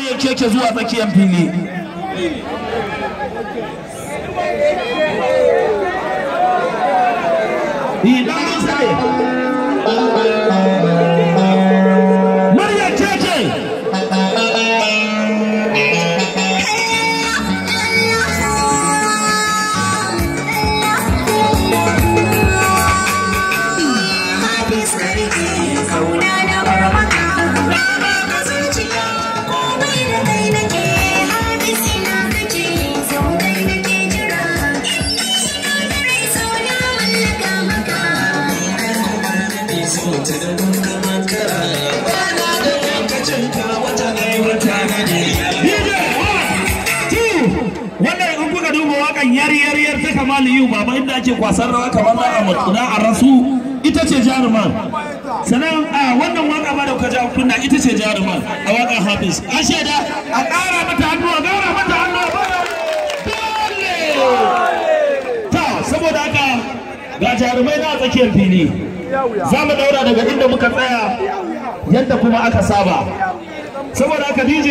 ya keke zuwa tsakiyar fili Idan sai mutu da wannan in kuka duba wakan yar ta inda ake kwasar rawa kamar a mutu a rasu ita ce jaruman sannan a wannan waka ba da kuka kunna ita ce jaruman a wakan hafiz a shaida a ƙara mata hannu a ƙara mata hannu dole ta saboda haka ga jarumai na tsakiyar fili za mu daura daga inda muka tsaya yadda kuma aka saba saboda aka dj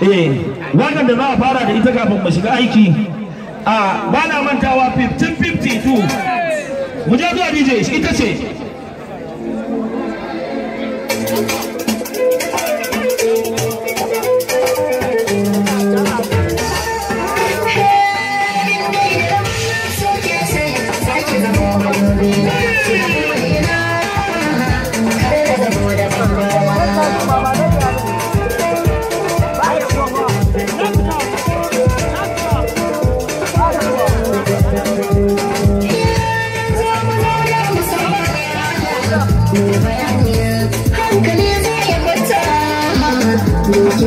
eh da za a fara da ita kafin mu shiga aiki a bana mantawa 1552 mu je zuwa dj ita ce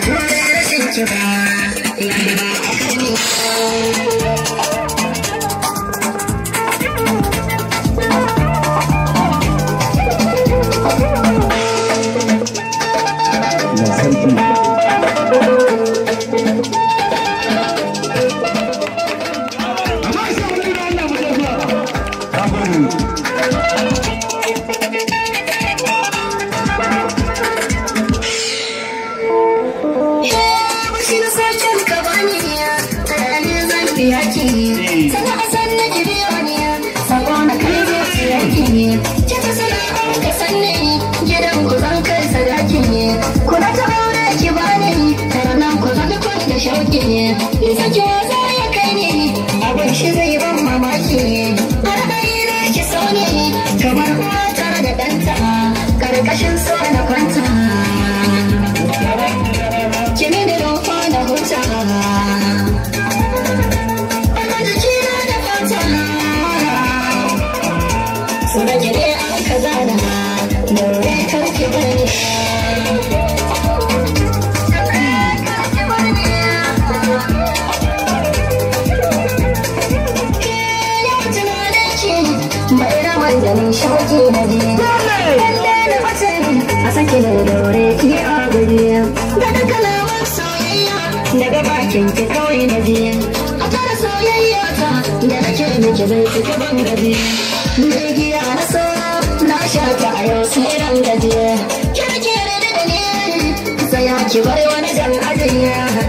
i Let's move on to back. happy, happy. maganin shauki na ji lalle na bace a sake da daure ki a gari daga kalamar soyayya daga bakin ki kawai na ji a tara soyayya ta da nake ke bai ki gaban gari Jirgiya na so na sha ta a yau sai ran gajiya kirkire da ne sai ya ki bar wani jan ajiya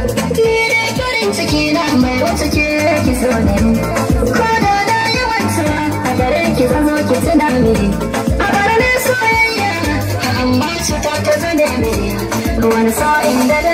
Como no saben de